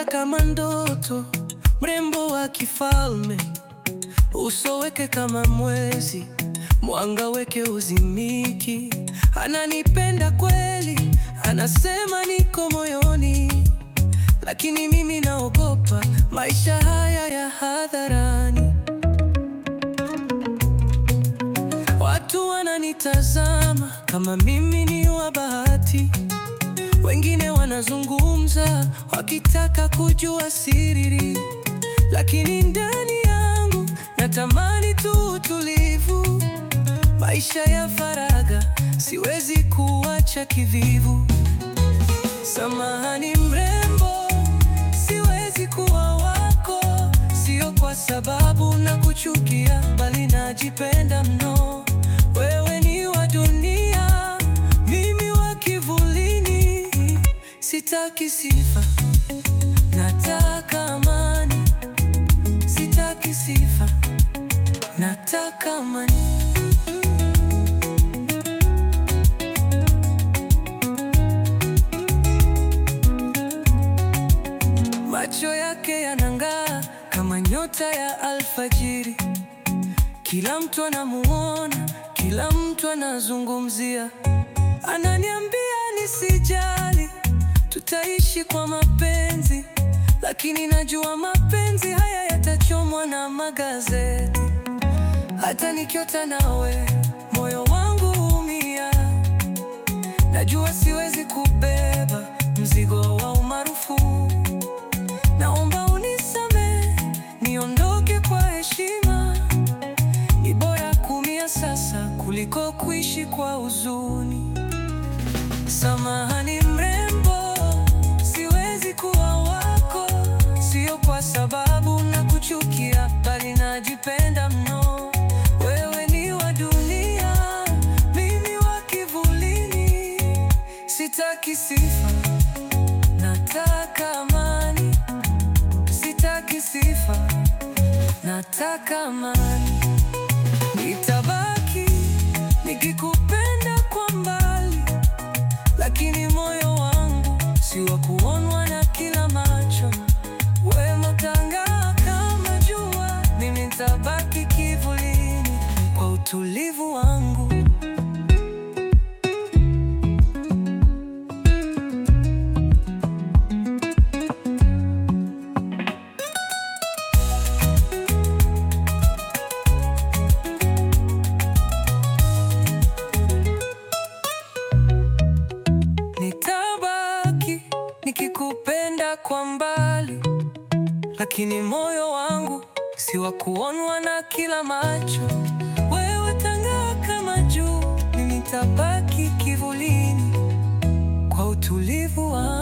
Kuja kama ndoto, mrembo wa kifalme, uso weke kama mwezi, mwanga weke uzimiki. Ananipenda kweli, anasema niko moyoni, lakini mimi naogopa maisha haya ya hadharani. Watu wananitazama kama mimi ni wa bahati wengine wanazungumza wakitaka kujua siri, lakini ndani yangu natamani tu utulivu. Maisha ya faraga siwezi kuacha kivivu. Samahani mrembo, siwezi kuwa wako, sio kwa sababu nakuchukia, bali najipenda mno. Sitaki sifa, nataka amani. Sitaki sifa, nataka amani. Macho yake yanang'aa kama nyota ya alfajiri, kila mtu anamuona, kila mtu anazungumzia, ananiambia tutaishi kwa mapenzi, lakini najua mapenzi haya yatachomwa na magazeti. Hata nikiota nawe moyo wangu umia, najua siwezi kubeba mzigo wa umaarufu. Naomba unisamehe, niondoke kwa heshima. Ni bora kumia sasa kuliko kuishi kwa huzuni. Samahani mre Sitaki sifa, nataka amani. Sitaki sifa, nataka amani. Nitabaki nikikupenda kwa mbali, lakini moyo wangu si wa kuonwa na kila macho. Wema tang'aa kama jua, mimi nitabaki kivulini kwa utulivu wangu. kupenda kwa mbali, lakini moyo wangu si wa kuonwa na kila macho. Wewe tang'aa kama juu, mimi nitabaki kivulini kwa utulivu wangu.